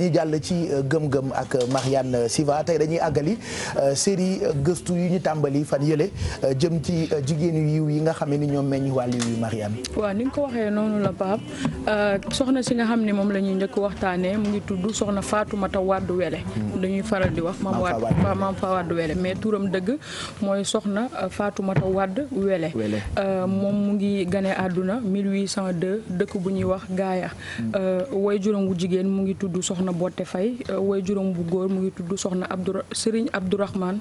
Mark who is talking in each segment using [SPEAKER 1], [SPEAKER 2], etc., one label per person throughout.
[SPEAKER 1] ñuy jàll ci euh, gëm-gëm ak euh, Marianne euh, Siva tey dañuy àggali série gëstu yu ñu tàmbali fan yële jëm ci jigéen yu yiw yi nga xam ni ñoom meññ wàllu yu Marianne.
[SPEAKER 2] waaw ni nga ko waxee noonu la Pape soxna si nga xam ne moom la ñuy njëkk waxtaanee mu ngi tudd soxna Fatoumata Wade Wele. dañuy hmm. faral di wax maam Wade maam fa Wade Wele mais turam dëgg mooy soxna Fatoumata Wade Wele. moom mu ngi gane àdduna 1802 dëkk bu ñuy wax Gaaya. Hmm. way juróom jigéen mu ngi tudd soxna. soxna Botte Faye euh, way juróom bu góor mu ngi tudd soxna Abdour Serigne Abdourahmane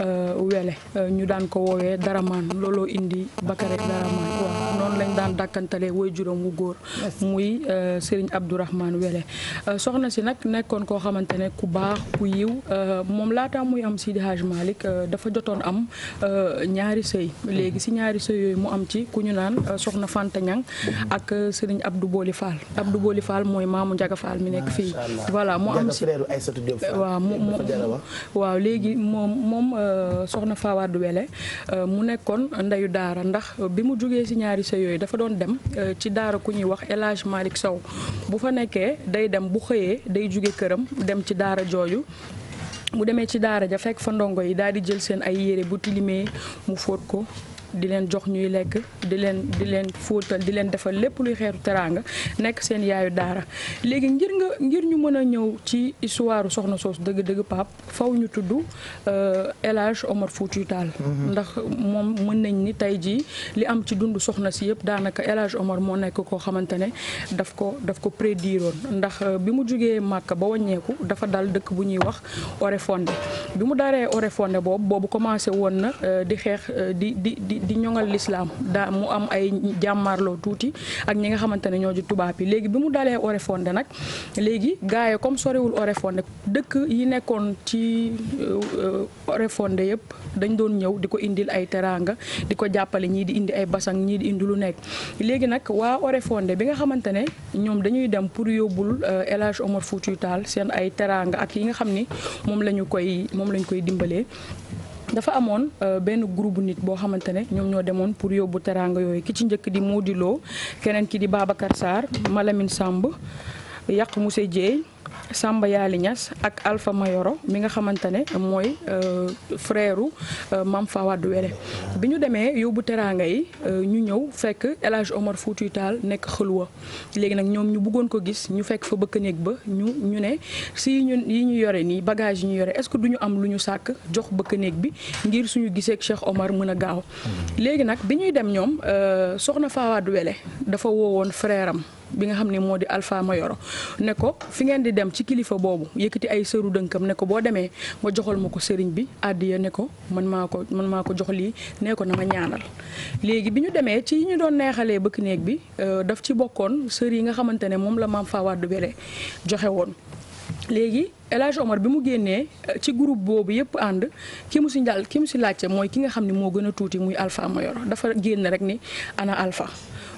[SPEAKER 2] euh, Wele euh, ñu daan ko woowee Daraman looloo indi Bakare Daraman waaw noonu lañ daan dàkkantale woy juróom bu góor muy Serigne Abdourahmane Wele soxna si nag nekkoon koo xamante ne ku baax ku yiw moom laataa muy am Sidi Hadj dafa jotoon am ñaari sëy léegi si ñaari sëy yooyu mu am ci ku ñu naan soxna Fanta Ñang ak sëriñ Abdou Boli Fall Abdou Boli Fall mooy maamu Njaga mi nekk fii voilà mu am si
[SPEAKER 1] waaw moom
[SPEAKER 2] waaw léegi moom moom euh, soxna Fawade Wele euh, mu nekkoon ndeyu daara ndax bi mu jugee si ñaari sëy yooyu dafa doon dem euh, ci daara ku ñuy wax El Hadj Malick Sow bu fa nekkee day dem bu xëyee day jóge këram dem ci daara jooju mu demee ci daara ja fekk fa ndongo yi daal di jël seen ay yére bu tilimee mu fóot ko di leen jox ñuy lekk di leen di leen fóotal di leen defal lépp luy xeetu teraanga nekk seen yaayu daara léegi ngir nga ngir ñu mën a ñëw ci histoire soxna soos dëgg-dëgg Pape faw ñu tudd euh, El Hadj Omar Foutiyou Tall mhm. ndax moom mën nañ ni tey jii li am ci dund soxna si yëpp daanaka El Hadj Omar moo nekk koo xamante ne daf ko daf ko prédiroon ndax euh, bi mu jugee Màkka ba waññeeku dafa dal dëkk bu ñuy wax Oréfondé bi mu daree Oréfondé boobu boobu woon na euh, di xeex di di di di ñoŋal lislaam daa mu am ay jàmmaarloo tuuti ak ñi nga xamante ne ñoo ji tubaab yi léegi bi mu dalee Oréfondé nag léegi gars yi comme sorewul Oréfondé dëkk yi nekkoon ci euh, Oréfondé yëpp dañ doon ñëw di ko indil ay teraanga di ko jàppale ñii di indi ay basang ñii di indi lu nekk léegi nag waa Oréfondé bi nga xamante ne ñoom dañuy dem pour yóbbul euh, El Hadj Omar Foutiyou Tall seen ay teraanga ak yi nga xam ni moom lañu koy moom lañu koy dimbalee dafa amoon euh, benn groupe nit boo xamante ne ñoom ñoo demoon pour yóbbu teraanga yooyu ki ci njëkk di di loo keneen ki di Babacar Sarr Malamine sàmb yàq Moussa Dieye Samba Yaali Niass ak Alpha Mayoro mi nga xamante ne mooy euh, frère euh, Mame Fawade Wele bi ñu demee yóbbu teraanga yi euh, ñu ñëw fekk El Hadj Omar Foutiyu Taal nekk xëluwa léegi nag ñoom ñu bëggoon ko gis ñu fekk fa bëkk néeg ba ñu ñu ne si ñun yi ñu yore nii bagage yi ñu yore est-ce que du ñu am lu ñu sàkk jox bëkk néeg bi ngir suñu gisee Cheikh Omar mën a gaaw hmm. léegi nag bi ñuy dem ñoom soxna Fawade Wele dafa woowoon freeram bi nga xam ne moo di Alpha Mayoro ne ko fi ngeen di dem ci kilifa boobu yëkkati ay sëru dënkam ne ko boo demee nga joxal ma ko sëriñ bi àddiya ne ko man maa ko man maa ko jox lii nee ko na ma ñaanal. léegi bi ñu demee ci ñu doon neexalee bëkk néeg bi euh, daf ci bokkoon sër yi nga xamante ne moom la maam Fawade Wele joxe woon léegi. El Hadj Omar bi mu génnee euh, ci groupe boobu yëpp ànd ki mu si njàll ki mu si laajte mooy ki nga xam ne moo gën a tuuti muy Alpha Mayoro dafa génn rek ni ana Alpha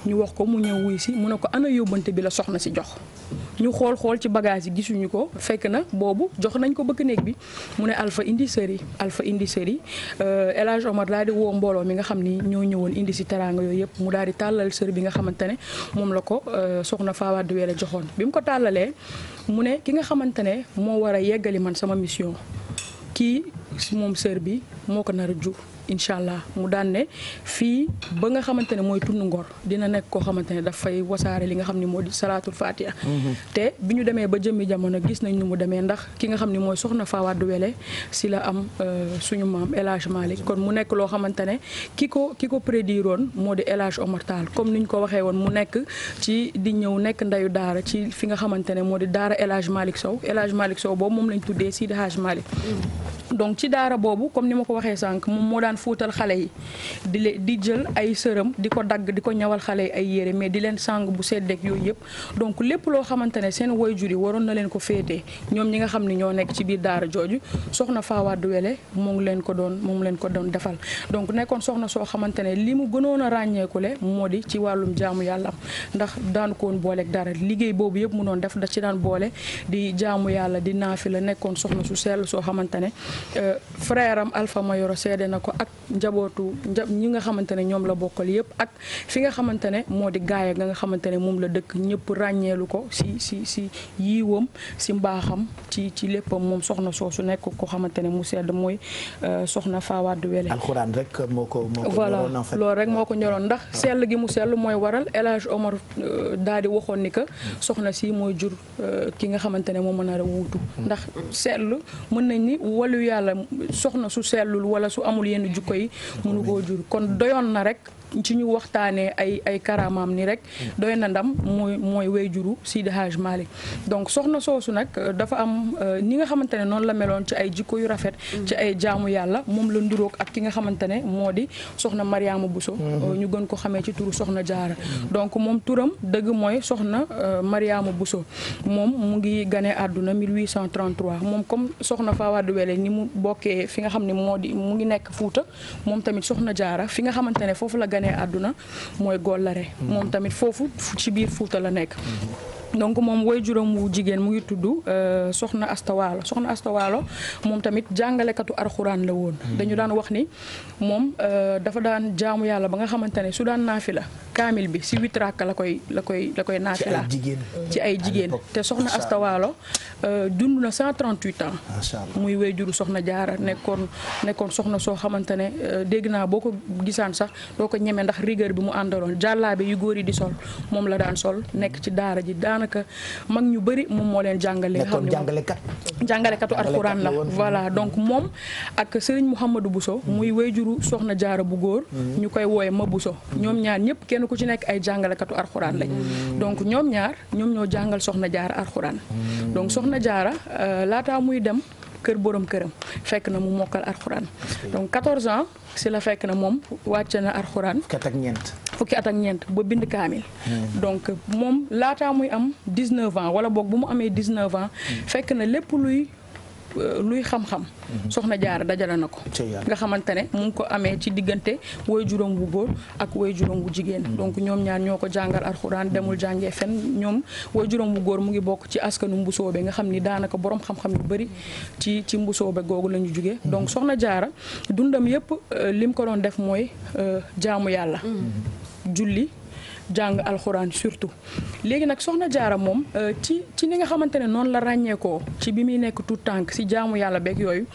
[SPEAKER 2] ñu wax ko mu ñëw wuy si mu ne ko ana yóbbante bi la soxna si jox ñu xool xool ci bagage yi gisuñu ko fekk na boobu jox nañ ko bëkk néeg bi mu ne Alpha indi sëri Alpha indi sëri euh, El Hadj Omar daal di woo mbooloo mi nga xam ni ñoo ñëwoon indi si teraanga yooyu yëpp mu daal di tàllal sëri bi nga xamante ne moom la ko euh, soxna Fawa Diwele joxoon bi mu ko tàllalee xamante ne war a yeggali man sama mission kii moom sër bi moo ko nar a jur incha allah mu daan ne fii ba nga xamante ne mooy tund ngor dina nekk koo xamante ne dafay wasaare li nga xam ni moo di salaatul fatiha mhm. te bi ñu demee ba jëmmi jamono gis nañ ni mu demee ndax ki nga xam ni mooy soxna Fawade Wele si la am euh, suñu maam El Hadj kon mu nekk loo xamante ne ki ko ki ko prédiroon moo di El Hadj Omar comme ni ñu ko waxee woon mu nekk ci di ñëw nekk ndeyu daara ci fi nga xamante ne moo di daara El Hadj Sow El Hadj Sow boobu moom lañ tuddee Sidi Hadj Malick mm. fóotal xale yi di le di jël ay sërëm di ko dagg di ko ñawal xale yi ay yére mais di leen sàng bu seddeeg yooyu yëpp donc lépp loo xamante ne seen waajur yi waroon na leen ko féetee ñoom ñi nga xam ne ñoo nekk ci biir daara jooju soxna le moo ngi leen ko doon moom leen ko doon defal donc nekkoon soxna soo xamante ne li mu gënoon a ràññeekule moo di ci wàllum jaamu yàlla ndax daanu ko woon booleeg dara liggéey boobu yëpp mu doon def da ci daan boole di jaamu yàlla di naafi la nekkoon soxna su sell soo xamante ne euh, frère ak njabootu ñi nga xamante ne ñoom la bokkal yëpp ak fi nga xamante ne moo di gaaya nga nga xamante ne moom la dëkk ñëpp ràññeelu ko si si si yiiwam si mbaaxam ci ci léppam moom soxna soo su nekk ko xamante ne mu sedd mooy euh, soxna Fawade Wele. alxuraan rek moo ko moo ko voilà loolu rek moo ko ñoroon ndax ah. sell gi mu sell mooy waral El Hadj Omar euh, daal di waxoon ni que hmm. soxna si mooy jur euh, ki nga xamante ne moo mën a wutu hmm. ndax sell mën nañ ni walu yàlla soxna su sellul wala su amul yenn jukko yi mënu koo jur kon doyoon na rek ci ñu waxtaanee ay ay karamaam ni rek hmm. doy na ndam mooy mooy wéyjuru Sidi Hadj Malick donc soxna soosu nag euh, dafa am euh, ni nga xamante ne noonu la meloon ci ay jikko yu rafet hmm. ci ay jaamu yàlla moom la nduróog ak ki nga xamante ne moo di soxna Mariama Bousso hmm. euh, ñu gën ko xamee ci turu soxna Jaara donc moom turam dëgg mooy soxna Mariama Bousso moom mu ngi gane àdduna 1833 moom comme soxna Fawade Wele ni mu bokkee fi nga xam ne moo di mu ngi nekk Fuuta moom tamit soxna Jaara fi nga xamante foofu la ganee àdduna mooy Gollare moom tamit foofu ci biir Fuuta la nekk donc moom woy juróom wu jigéen mu ngi tudd euh, soxna astawaalo soxna astawaalo moom tamit jàngalekatu arxuraan la woon hmm. dañu daan wax ni moom euh, dafa daan jaamu yàlla ba nga xamante ne su daan naafi la kaamil bi si huit rakk la koy la koy la koy naafi la ci ay jigéen te soxna astawaalo Euh, dund na 138 ans. macha allah muy wéyjuru soxna jaara nekkoon nekkoon soxna soo xamante ne euh, dégg naa boo ko gisaan sax doo ko ñeme ndax rigueur bi mu àndaloon jàllaabe yu góor yi di sol moom la daan sol nekk ci daara ji daanaka mag ñu bëri moom moo leen jàngale. xam ne jàngalekat. jàngalekatu alxuraan la voilà donc moom ak Serigne bu Bousso. Mm-hmm. muy wéyjuru soxna jaara bu góor. Mm-hmm. ñu koy wooye ma Bousso. Mm-hmm. ñoom ñaar ñëpp kenn ku ci nekk ay jàngalekatu alxuraan lañ. donc ñoom ñaar ñoom ñoo jàngal soxna jaara alxuraan. soxna jaara euh, laataa muy dem kër borom këram fekk na mu mokkal alxuraan donc 14 ans si la fekk na moom wàcce na alxuraan fukki at ak ñeent fukki at ak ñeent ba bind kaamil hmm. donc moom laataa muy am 19 ans wala boog bu mu amee 19 ans hmm. fekk na lépp luy luy xam-xam mhm. soxna jaara dajale na ko nga xamante ne mu ko amee ci diggante woy juróom bu góor ak woy juróom bu jigéen mhm. donc ñoom ñaar ñoo ko jàngal alxuraan demul jàngee fen ñoom woy juróom bu góor mu ngi bokk ci askanu mbusoobe nga xam ni daanaka borom xam-xam yu bëri ci ci mbusoobe googu la ñu jugee mhm. donc soxna jaara dundam yépp euh, lim ko doon def mooy euh, jaamu yàlla julli jàng alxuraan surtout léegi nag soxna jaara moom euh, ci ci ni nga xamante ne noonu la ràññeekoo ci bi muy nekk tout tànk si jaamu yàlla beeg yooyu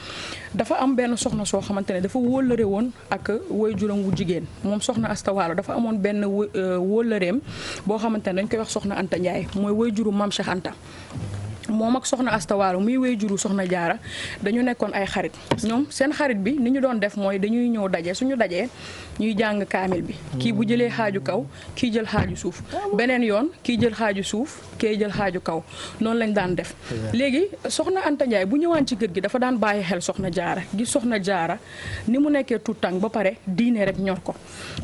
[SPEAKER 2] dafa am benn soxna soo xamante ne dafa wóllëre woon ak woy juróom wu jigéen moom soxna astawaalo dafa amoon benn euh, wóllëreem boo xamante ne dañ koy wax soxna Anta Ndiaye mooy woy juru maam Cheikh moom ak soxna astawaalo muy wéy juru soxna jaara dañu nekkoon ay xarit ñoom seen xarit bi ni ñu doon def mooy dañuy ñëw daje suñu dajee ñuy jàng kaamil bi kii bu jëlee xaaju kaw kii jël xaaju suuf beneen yoon kii jël xaaju suuf kee jël xaaju kaw noonu lañ daan def léegi soxna antajaay bu ñëwaan ci kër gi dafa daan bàyyi xel soxna jaara gi soxna jaara ni mu nekkee tuut tànk ba pare diine rek ñor ko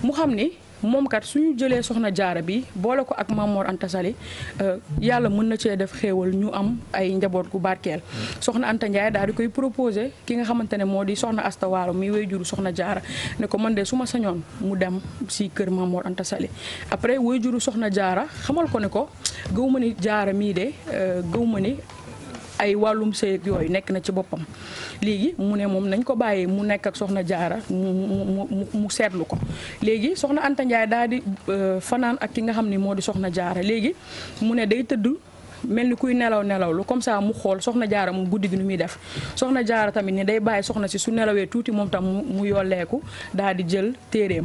[SPEAKER 2] mu xam ni moom kat ñu jëlee soxna jaara bi boole ko ak Mamoor Anta Sali euh, yàlla mën na cee def xéewal ñu am ay njaboot gu barkeel soxna Anta Ndiaye daal di koy proposé ki nga xamante ne moo di soxna Asta Waalo mi wayjuru soxna jaara ne ko man de su ma sañoon mu dem si kër Mamoor Anta Sali après wayjuru soxna jaara xamal ko ne ko gëw ma ni jaara mii de euh, gëw ma ni ay wàllum sëy yooyu nekk na ci boppam léegi mu ne moom nañ ko bàyyee mu nekk ak soxna jaara mu mu mu seetlu ko léegi soxna Anta Ndiaye daal di euh, fanaan ak ki nga xam ni moo di soxna jaara léegi mu ne day tëdd mel ni kuy nelaw nelawlu comme ça mu xool soxna jaara moom guddi gi nu muy def soxna jaara tamit ne day bàyyi soxna si su nelawee tuuti moom tam mu yolleeku daal di jël téeréem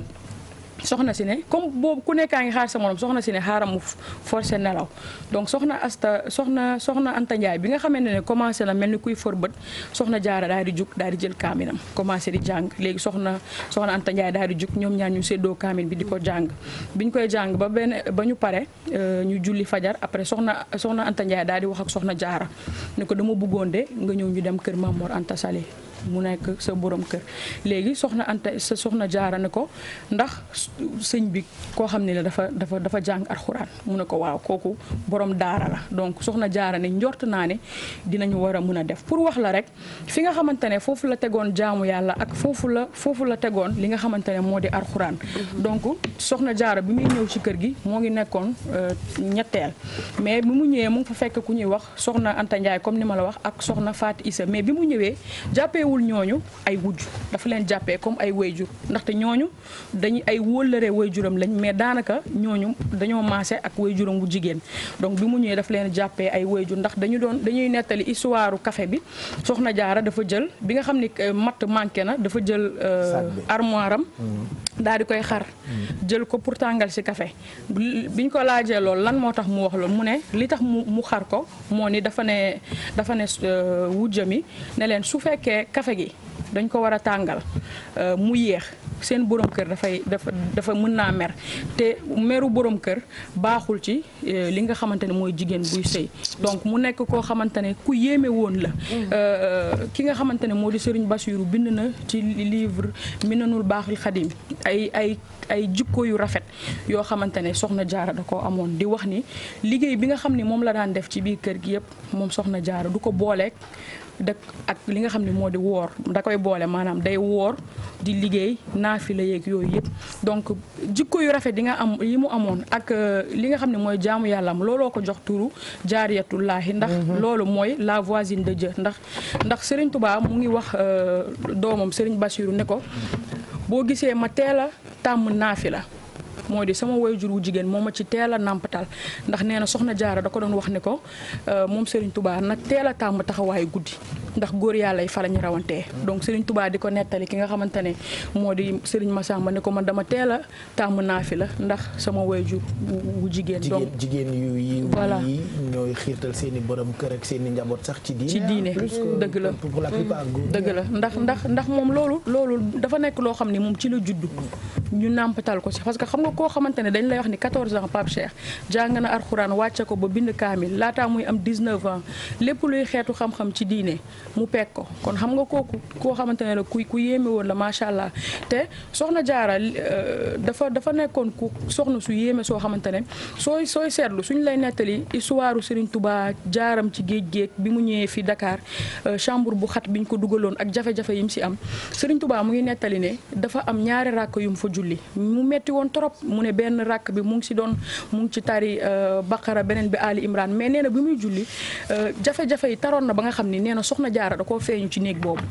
[SPEAKER 2] soxna si ne comme boobu ku nekkaa ngi xaar sa morom soxna si ne xaaral mu forcé nelaw donc soxna asta soxna soxna Anta Ndiaye bi nga xamante ne commencé na mel ni kuy for bët soxna jaara daal di jug daal di jël kaaminam commencé di jàng léegi soxna soxna Anta Ndiaye daal di jug ñoom ñaar ñu séddoo kaamin bi di ko jàng bi ñu koy jàng ba benn ba ñu pare euh, ñu julli fajar après soxna soxna Anta Ndiaye daal di wax ak soxna jaara ne ko dama buggoon de nga ñëw ñu dem kër Mamor Anta Sali mu nekk sa borom kër léegi soxna Anta sa soxna jaara ne ko ndax sëñ bi koo xam ne la dafa dafa dafa jàng alxuraan mu ne ko waaw kooku borom daara la donc soxna jaara ne njort naa ne dinañu war a mën a def pour wax la rek fi nga xamante ne foofu la tegoon jaamu yàlla ak foofu la foofu la tegoon li nga xamante ne moo di alxuraan mhm. donc soxna jaara bi muy ñëw ci kër gi moo ngi nekkoon euh, ñetteel mais bi mu ñëwee mu ngi fa fekk ku ñuy wax soxna Anta Ndiaye comme ni ma la wax ak soxna Faat Issa mais bi mu ñëwee jàppee jàppewul ñooñu ay wujj dafa leen jàppee comme ay wayjur ndaxte ñooñu dañu ay wóllëre wayjuram lañ mais daanaka ñooñu dañoo maase ak wayjuram wu jigéen donc bi mu ñëwee dafa leen jàppee ay wayjur ndax dañu doon dañuy nettali histoire kafe bi soxna jaara dafa jël bi nga xam ni euh, matt manqué na dafa jël euh, armoire am mm-hmm. daal di koy xar mm-hmm. jël ko pour tàngal ci café biñ ko laajee lool lan moo tax mu wax loolu mu ne li tax mu mu xar ko moo ni dafa ne dafa ne euh, wujjami ne leen su fekkee kafe gi dañ ko war a tàngal euh, mu yéex seen borom kër dafay dafa dafa mën naa mer te meru borom kër baaxul ci euh, li nga xamante ne mooy jigéen buy sëy donc mu nekk koo xamante ne ku yéeme woon la mm. euh, ki nga xamante ne moo di Serigne Bassirou bind na ci livre Minanul Baaxil Xadim ay ay ay jikko yu rafet yoo xamante ne soxna jaara da koo amoon di wax ni liggéey bi nga xam ni moom la daan def ci biir kër gi yëpp moom soxna jaara du ko booleek dëkk ak li nga xam ne moo di woor da koy boole maanaam day woor di liggéey la yéeg yooyu yëpp donc jikko yu rafet yi nga am li mu amoon ak euh, li nga xam ne mooy jaamu yàllam looloo ko jox turu jaariyatullaahi ndax mhm. loolu mooy la voisine de Dieu ndax ndax Serigne Touba mu ngi wax euh, doomam Serigne Bassirou ne ko boo gisee ma teel a tàmm la mooy di sama waajur wu jigéen moo ma ci teel a nàmpatal ndax nee na soxna jaara da ko doon wax ne ko euh, moom Serigne Touba nag teel a tàmm taxawaayu guddi ndax góor yàlla yi fa la ñu rawantee donc Serigne Touba di ko nettali ki nga xamante ne moo di Serigne Massamba ne ko man dama teel a tàmm naa fi la ndax sama jur bu jigéen donc
[SPEAKER 1] jigéen yu yi voilà ñooy xiirtal seen i borom kër ak seen i njaboot sax ci diine ci diine dëgg la dëgg la
[SPEAKER 2] ndax ndax ndax moom loolu loolu dafa nekk loo xam ne moom ci la juddu ñu nàmpatal ko si parce que xam nga koo xamante ne dañ lay wax ni 14 ans Pape Cheikh jàng na alxuraan wàcce ko ba bind kaamil laataa muy am 19 ans lépp luy xeetu xam ci diine mu peeg ko kon xam nga kooku koo xamante ne la ku ku yéeme woon la macha allah te soxna jaara euh, dafa dafa nekkoon ku soxna su yéeme soo xamante ne sooy sooy seetlu suñ lay nettali histoire Serigne Touba jaaram ci géej géej bi mu ñëwee fi dakaar euh, chambre bu xat bi ñu ko dugaloon ak jafe-jafe mu si am Serigne tubaa mu ngi nettali ne dafa am ñaari ràkk yu mu fa julli mu metti woon trop mu ne benn ràkk bi mu ngi si doon mu ngi ci tari euh, Baqara beneen bi Ali Imran mais nee na bi muy julli jafe-jafe yi taroon na ba xam ni nee jaara da koo feeñu ci néeg boobu.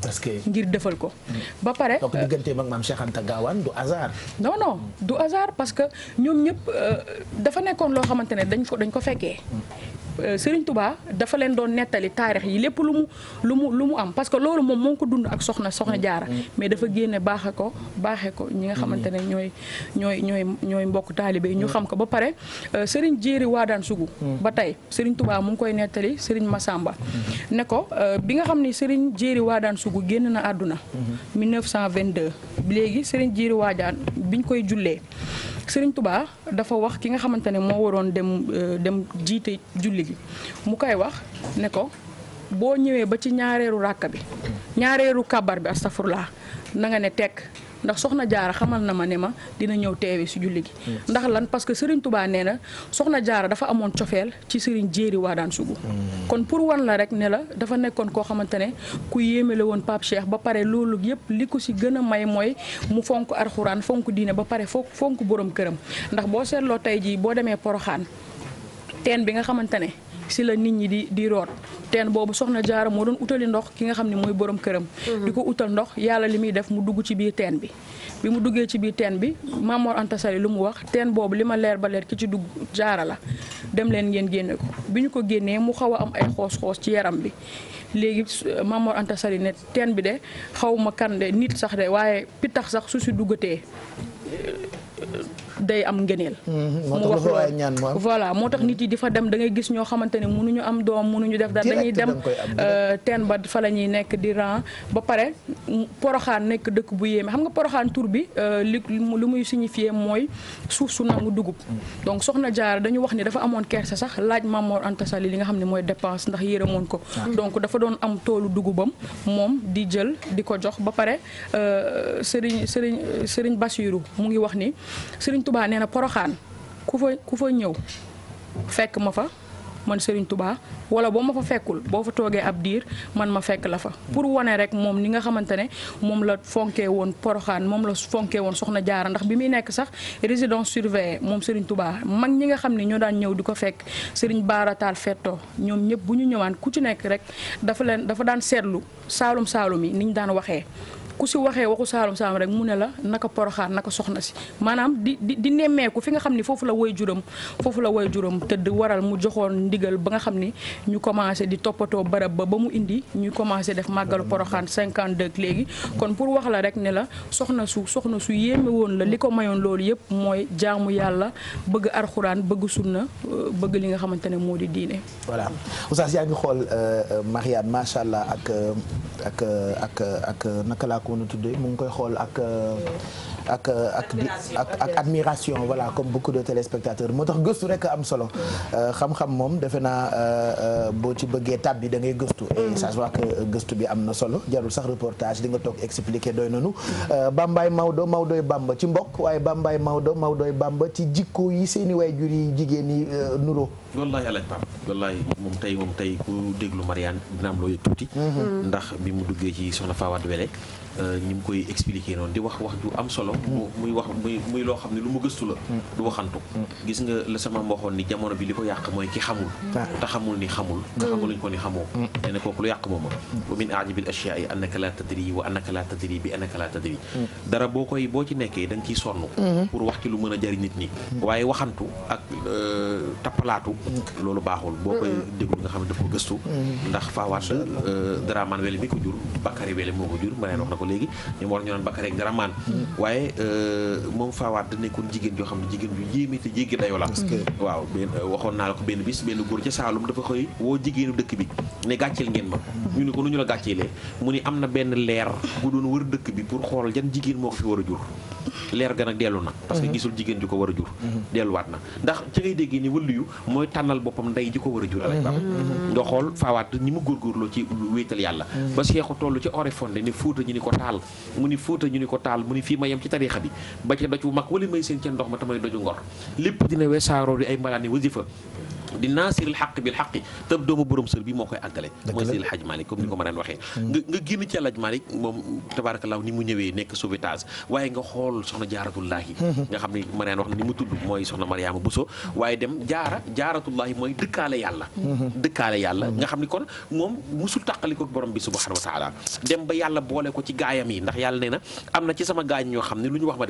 [SPEAKER 2] ngir defal ko. Mm. ba pare donc euh, digganteem ak maam Cheikh Anta Gaawaan du hasard. non non du hasard parce que ñoom ñëpp euh, dafa nekkoon loo xamante ne dañ ko dañ ko fekkee. Mm. Euh, Serigne Touba dafa leen doon nettali taarix yi lépp lu mu lu mu lu mu am parce que loolu moom moo ngi ko dund ak soxna soxna jaara mais dafa génne baaxe ko baaxe ko ñi nga xamante ne ñooy ñooy ñooy ñooy mbokk taalibe yi ñu xam ko ba pare euh, Serigne Jéeri daan Sugu ba tey Serigne Touba mu ngi koy nettali Serigne Massamba ne ko euh, bi nga xam ni Serigne Jéeri Waadaan Sugu génn na àdduna 1922 léegi Serigne Jéeri Waadaan biñ koy jullee Serigne Touba dafa wax ki nga xamante ne moo waroon dem euh, dem jiite julli gi mu koy wax ne ko boo ñëwee ba ci ñaareeru ràkk bi ñaareeru kàbbar bi astafurlaa na nga ne tekk ndax soxna jaara xamal na ma ne ma dina ñëw teewe si julli gi mm. ndax lan parce que Serigne nee na soxna jaara dafa amoon cofeel ci Serigne Jéeri Waadaan Sugu mm. kon pour wan la rek ne la dafa nekkoon koo xamante ne ku yéeme la woon Pape Cheikh ba pare loolu yëpp li ko si gën a may mooy mu fonk arxuraan fonk diine ba pare foo fonk boroom këram ndax boo seetloo tey jii boo demee Poroxaan teen bi nga xamante ne si la nit ñi di di root teen boobu soxna jaara moo doon utali ndox ki nga xam ne mooy borom këram mhm. di ko utal ndox yàlla li muy def mu dugg ci biir teen bi bi mu duggee ci biir teen bi mamoor Anta Sali lu mu wax teen boobu li ma leer ba leer ki ci dugg jaara la dem leen ngeen génne ko bi ñu ko génnee mu xaw a am ay xoos-xoos ci yaram bi léegi euh, Mamor antasari ne teen bi de xaw ma kan de nit sax de waaye pittax sax su si duggatee day am ngëneel mhm. mu wax loolu voilà moo tax nit yi di fa dem da ngay gis ñoo xamante ne mënuñu am doom mënuñu def dara dañuy dem euh, teen ba fa la ñuy nekk di ran ba pare poroxaan nekk dëkk bu yéeme xam nga poroxaan tur bi euh, li lu muy signifier mooy suuf su nangu dugub donc soxna jaar dañu wax ni dafa amoon kerse sax laaj Mamor Anta Sali li nga xam ne mooy dépense ndax yërëmoon ko ah. donc dafa doon am toolu dugubam moom di jël di ko jox ba pare euh, sëriñ sëriñ sëriñ Basiru mu ngi wax ni Touba nee na poroxaan ku fa ku fa ñëw fekk ma fa man Serigne tubaa wala boo ma fa fekkul boo fa toogee ab diir man ma fekk la fa. pour wane rek moom ni nga xamante ne moom la fonkee woon poroxaan moom la fonkee woon soxna jaara ndax bi muy nekk sax résidence surveillée moom Serigne tubaa mag ñi nga xam ne ñoo daan ñëw di ko fekk Serigne Baarataal Fetto ñoom ñëpp bu ñu ñëwaan ku ci nekk rek dafa leen dafa daan seetlu saalum saalum yi ni ñu daan waxee. ku si waxee waxu Saalum Saalum rek mu ne la naka poroxaat naka soxna si maanaam di di di fi nga xam ni foofu la woy juróom foofu la woy juróom tëdd waral mu joxoon ndigal ba xam ni ñu commencé di toppatoo barab ba ba mu indi ñu commencé def màggalu poroxaan 52 léegi kon pour wax la rek ne la soxna su soxna su yéeme woon la li ko mayoon loolu yëpp mooy jaamu yàlla bëgg arxuraan bëgg sunna euh, bëgg li nga xamante ne moo di diine voilà
[SPEAKER 1] oustaz yaa ngi xool euh, euh, Mariam macha allah ak ak ak ak naka laa ko woon mu ngi koy xool ak euh, ak euh, ak ak admiration voilà comme beaucoup de téléspectateurs moo tax gëstu rek am solo euh, xam-xam moom defe naa boo ci bëggee tab bi da ngay gëstu et ça se que gëstu bi am na solo jarul sax reportage di nga toog expliqué doy nanu Bambaay Maodo Maodoy bamb ci mbokk waaye Bambaay Maodo Maodoy Bamba ci jikko yi seeni waajur yi jigéen yi nuro
[SPEAKER 3] wallaahi alaaj Pape wallaahi moom tey moom tey ku déglu Marianne dina am loo tuuti mm-hmm. ndax bi mu duggee ci soxna Fawad Wele euh, ñi mu koy expliqué noonu di wax wax ju am solo mm-hmm. muy wax muy muy loo xam ne lu mu gëstu la mm-hmm. du waxantu gis nga la sama mboxoon ni jamono bi li ko yàq mooy ki xamul te xamul ni xamul nga xamul lañ ko ni xamoo nee na kooku lu yàq mooma wa min ajabil ashyaa'i annaka la tadri wa annaka la tadri bi annaka la tadri dara boo koy boo ci nekkee da nga ciy sonn pour wax ci lu mën a jëriñ nit ñi waaye waxantu ak euh, tappalaatu loolu baaxul boo koy déglu nga xam ne daf ko gëstu ndax faawaat euh, daramaan wele mi ko jur Bakary wele moo ko jur ma neen wax na ko léegi ñu war ñu naan Bakary ak daramaan euh, moom faawaat da nekkoon jigéen joo xam ne jigéen ju yéeme te jéggi dayoo la waaw benn waxoon naa la ko benn bis benn góor ca Saalum dafa koy woo jigéenu dëkk bi ne gàcceel ngeen ma ñu ne ko nu ñu la gàcceelee mu ni am na benn leer bu doon war dëkk bi pour xool jan jigéen moo ko fi war a jur leer ga nag dellu na parce que gisul jigéen ju ko war a jur delluwaat na ndax tànnal boppam ndey ji ko war a jur alaaj baba nga xool faawaat ñi mu góorgóorloo ci wéetal yàlla mm-hmm. ba seexu toll ci orefonde ne fóota ñu ni ko taal mu ni fóota ñu ni ko taal mu ni fii ma yem ci tariixa bi ba ca doj bu mag wala may seen ca ndox ma tamay doju ngor lépp dina weesaaroo di ay mbalaani wasifa di naasiril xaq bil xaqi te doomu borom sër bi moo koy àggale mooy Seydil Hadj Malick comme ni ko ma daan waxee mm. nga nga génn ci Hadj Malick moom tabaarakallaahu ni mu ñëwee nekk sauvetage waaye nga xool soxna jaaratullaahi mm-hmm. nga xam ne Mariane wax na ni mu tudd mooy soxna Mariama Bousso waaye dem jaara jaaratullaahi mooy dëkkaale yàlla mm-hmm. mm-hmm. nga xam ne kon moom musul tàqali ko borom bi subhaanahu wa dem ba yàlla boole ko ci gaayam yi ndax yàlla nee na am na ci sama gaañ ñoo xam ne lu ñu wax ma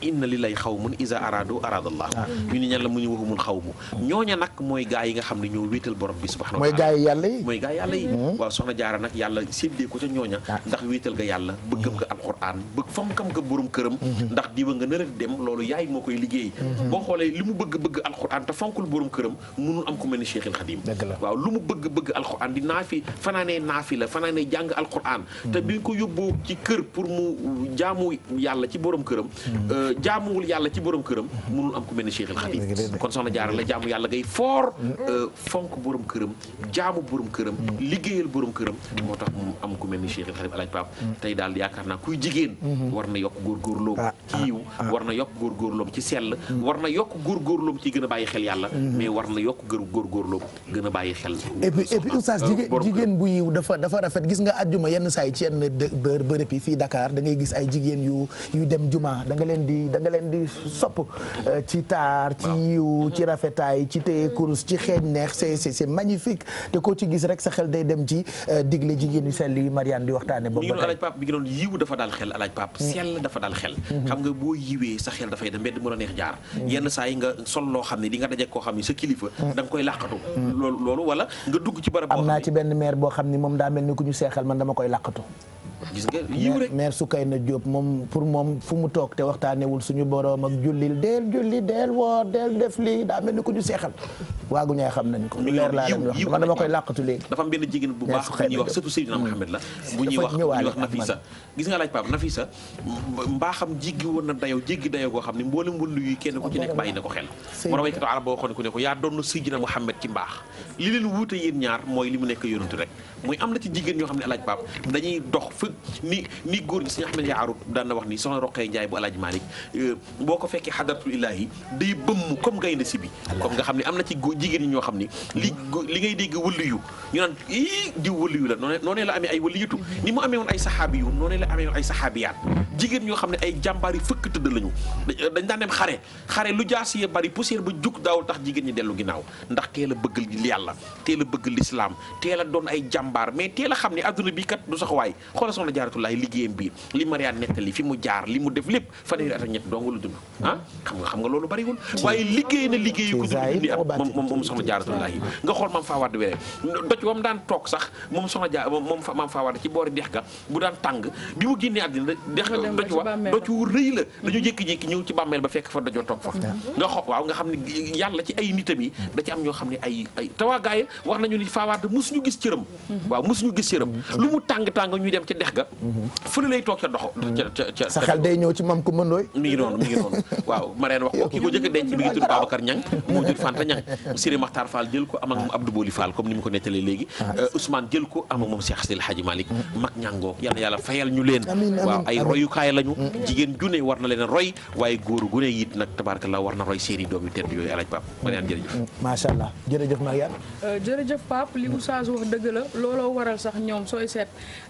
[SPEAKER 3] inna li lay xaw mun isa araadu araadallah ah. ñu ni ñan la mu ñu waxu xaw mu ñooña nag mooy gaa yi nga xam ne ñoo wéetal borom bi subhanahu wa taala mooy gaa yi yàlla yi mooy gaa yi yàlla yi hmm. waaw soxna jaara nag yàlla séddee ko ca ñooña ah. ndax wéetal ga yàlla bëggam nga alquran bëgg fonkam nga borom këram hmm. ndax diwa nga nar a dem loolu yaay moo koy liggéey hmm. boo xoolee li mu bëgg bëgg alquran te fonkul borom këram munul am ku mel ni Cheikhul Khadim waaw lu mu bëgg bëgg alquran di naafi fanaanee naafi la fanaanee jàng alquran te bi ko yóbboo ci kër pour mu jaamu yàlla ci borom këram euh, jaamuwul yàlla ci borom këram mënul am ku mel ni Cheikh El Khadim kon soxna Jaara la jaamu yàlla ngay foor mm. euh, fonk borom këram jaamu borom këram mm. liggéeyal borom këram mm. moo tax mu am ku mel ni Cheikh El Khadim alaaj Paap tey daal yaakaar naa kuy jigéen mm-hmm. war na yokk góorgóorloom ah, ci yiw ah, ah. war na yokk góorgóorloom ci sell war na yokk góorgóorloom ci gën a bàyyi xel yàlla mm-hmm. mais war na yokk gër góorgóorloom gën a bàyyi xel et puis et puis
[SPEAKER 1] jigéen bu yiw dafa rafet gis nga àjjuma yenn saa yi ci yenn bërëb yi di da nga leen di sopp euh, ci taar ci yiw ci rafetaay ci téye kurus ci xeeñ neex c'est c'est c'est magnifique te koo ci gis rek sa xel day dem ci euh, digle jigéen yu sell yi Marianne di waxtaane boobu ba alaaj
[SPEAKER 3] pap bi ngi doon yiw dafa daal xel alaaj pap mm. sell dafa daal xel mm-hmm. xam nga boo yiwee sa xel dafay dem mbedd mu la neex jaar mm-hmm. yenn saa yi nga sol loo xam ne di nga dajek koo xam ne sa kilifa mm. da nga koy làqatu mm. loolu loolu wala nga dugg ci barab
[SPEAKER 1] am naa ci benn maire boo xam ne moom daa mel ni ku ñu seexal man dama koy làqatu gis nga yiw rek mère Soukayna Diop moom pour moom fu mu toog te waxtaanewul suñu boroom ak jullil deel julli deel woor deel def lii daa mel ni ko ñu seexal waagu ñaa xam nañ ko leer laa leen wax man dama koy làqatu léegi
[SPEAKER 3] dafa am benn jigéen bu baax bu ñuy wax surtout Seydina Mohamed la bu ñuy wax bu ñuy wax Nafisa gis nga laaj Pape Nafisa mbaaxam jéggi woon na dayow jéggi dayow koo xam ne mboolem wëllu yi kenn ku ci nekk bàyyi na ko xel war a waykatu arab boo waxoon ku ne ko yaa ci mbaax li leen wuute yéen ñaar mooy li mu nekk yonantu rek mooy am na ci jigéen ñoo xam ne alaaj Pape dañuy dox fa ni ni góor gi suñu Ahmed Yaarut daan na wax ni soxna Roqee Njaay bu alaaj Malick euh, boo ko fekkee xadaratul ilaahi day bëmm comme gaynde si bi comme nga xam ne am na ci jigéen ñi ñoo xam ne li li ngay dégg wëliyu ñu naan ii di wëliyu la noonee noonee la amee ay wëliyatu ni mu amee woon ay saxaabi yu noonee la amee woon ay saxaabiyaat jigéen ñoo xam ne ay jàmbaar yi fëkk tëdd lañu euh, dañ daan dem xare xare lu jaasiyee bari poussière ba jug daawul tax jigéen ñi dellu ginnaaw ndax teel a bëgg yàlla teel a bëgg lislaam teel a doon jàmbaar mais teel a xam ne adduna bi kat du sax waay soxna Jaaratullaahi liggéeyam bi li Marianne nettali fi mu jaar li mu def lépp fanweeri at ak ñett dong la dund ah xam nga xam nga loolu bariwul waaye liggéey na liggéeyu daan toog sax moom soxna Jaar moom maam Fawade ci mm-hmm. ba fekk fa dojoo toog fa mm-hmm. nga xam ne yàlla ci ay nitam yi da ci am ñoo xam ne ay ay wax nañu ni Fawade mosuñu gis cëram waaw mosuñu gis cëram mhm. lu mu tàng tàng ñuy dem ca dex ga mhm. fële lay toog ca doxo sa xel day ñëw
[SPEAKER 1] ci mam ko mëndooy mi ngi noonu mi ngi
[SPEAKER 3] waaw marraine wax ko kii ko jëkk denc mi ngi tudd Babacar Ñang moo jur Fanta Ñang Siré Maxtaar Fall jël ko am ak moom Abdou Boli Fall comme ni mu ko nettalee léegi ah. euh, Ousmane jël ko am moom Cheikh Sidil Hadji Malick mm. mag ñàngoo yal na yàlla fayal ñu leen waaw ay royukaay lañu mm. jigéen june war na leen roy waaye góor gu ne it nag tabaarkalla war na roy seeni doom yu tedd yooyu alaaj Pape Mariane
[SPEAKER 1] jërëjëf mm. macha allah jërëjëf Mariane
[SPEAKER 2] euh, looloo waral sax ñoom sooy set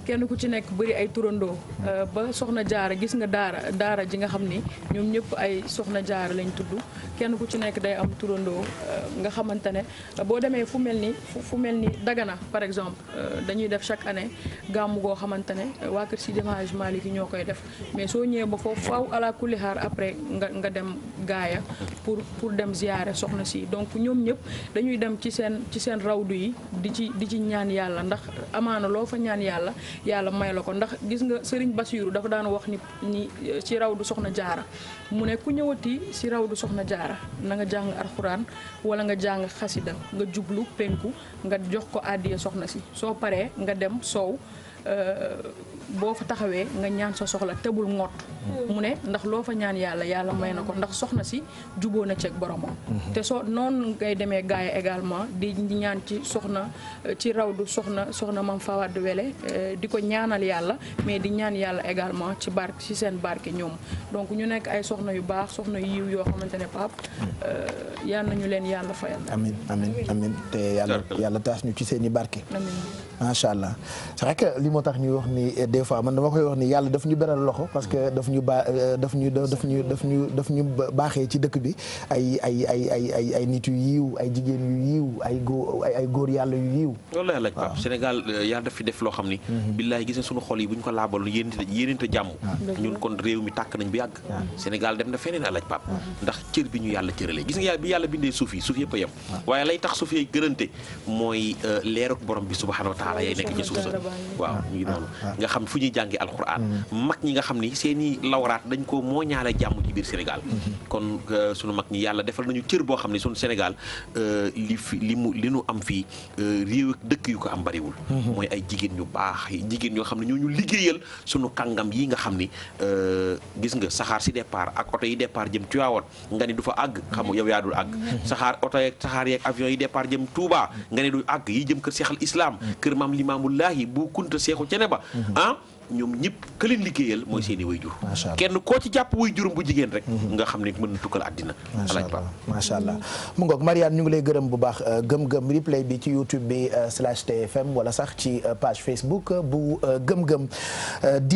[SPEAKER 2] kenn ku ci nekk bëri ay turandoo euh, ba soxna jaara gis nga daara daara ji nga xam ni ñoom ñëpp ay soxna jaara lañ tudd kenn ku ci nekk day am turandoo euh, nga xamante ne boo demee fu mel ni fu mel ni Dagana par exemple euh, dañuy def chaque année gàmm goo xamante ne waa kër si démage Malick ñoo koy def mais soo ñëwee ba foofu faaw ala kulli xaar après nga nga dem gaaya pour pour dem ziyaare soxna si donc ñoom ñëpp dañuy dem ci seen ci seen rawdu yi ndax amaana loo fa ñaan yàlla yàlla may la ko ndax gis nga Serigne Bassirou dafa daan wax ni ni eh, ci raw du soxna jaara mu ne ku ñëwati ci raw du soxna jaara na nga jàng arxuraan wala nga jàng xasida nga jublu penku nga jox ko àddiya soxna si soo paree nga dem soow eh, boo fa taxawee nga ñaan sa soxla tebul ngott mu ne ndax loo fa ñaan yàlla yàlla may na ko ndax soxna si juboo na ceeg boromam mhm. te soo noonu ngay demee gaaya également di ñaan ci soxna ci raw du soxna soxna mam fawadd wele eh, di ko ñaanal yàlla mais di ñaan yàlla également ci barke ci seen barke ñoom donc ñu nekk ay soxna yu baax soxna yu yiw yoo xamante ne pap eh, yal ñu leen yàlla fayal
[SPEAKER 1] amin amin amin te yàlla yàlla taas ñu ci seen i barke amin macha allah c'est vrai li moo tax ñuy wax ni eh, des fois man dama koy wax ni yàlla daf ñu beral loxo parce que daf ñu ba eh, daf ñu daf ñu daf ñu daf ñu baaxee ci dëkk bi ay ay ay ay ay ay nit yu yiiw ay jigéen yu yiiw ay góor ay góor yàlla yu yiiw
[SPEAKER 3] loolu la laaj Pape Sénégal euh, yàlla daf def loo xam ni mhm. billaay gis na suñu xol yi bu ñu ko laabaloon yéenente yéenente jàmm ah. ñun kon réew mi tàkk nañ bu yàgg ah. Sénégal dem na feneen a laaj ah. ndax cër bi ñu yàlla cëralee gis nga yàlla bi yàlla bindee suuf yi suuf yëpp a yem waaye lay tax suuf yi gërante mooy euh, leeruk borom bi suba wa taala daara yay nekk ci suuf sa waaw mu ngi ah, noonu ah. nga xam fu ñuy jàngi alxuraan mm-hmm. mag ñi nga xam ni seeni lawraat dañ ko moo ñaale jàmm ci biir Sénégal mm-hmm. kon euh, sunu mag ñi yàlla defal nañu cër boo xam ne sunu Sénégal euh, li fi li mu li nu am fii euh, réew ak dëkk yu ko am bariwul mm-hmm. mooy ay jigéen ñu baax yi jigéen ñoo xam ne ñoo ñu liggéeyal sunu kàngam yi nga xam ni gis nga saxaar si départ ak oto yi départ jëm Tiwaawan nga ni du fa àgg xam yow yaa dul àgg saxaar oto yeeg saxaar yeeg avion yi départ kër maam limaamu laahi bu kunta seexu cene ba mhm. ah ñoom ñëpp ka leen liggéeyal mooy mhm. seen i wayjur kenn koo ci jàpp wayjurum bu jigéen rek mhm. nga xam ne mën na tukkal àddina alaaj
[SPEAKER 1] allah mu ngoog Marianne ñu ngi lay gërëm bu baax euh, gëm-gëm replay bi ci youtube bi euh, slash tfm wala sax ci euh, page facebook bu gëm-gëm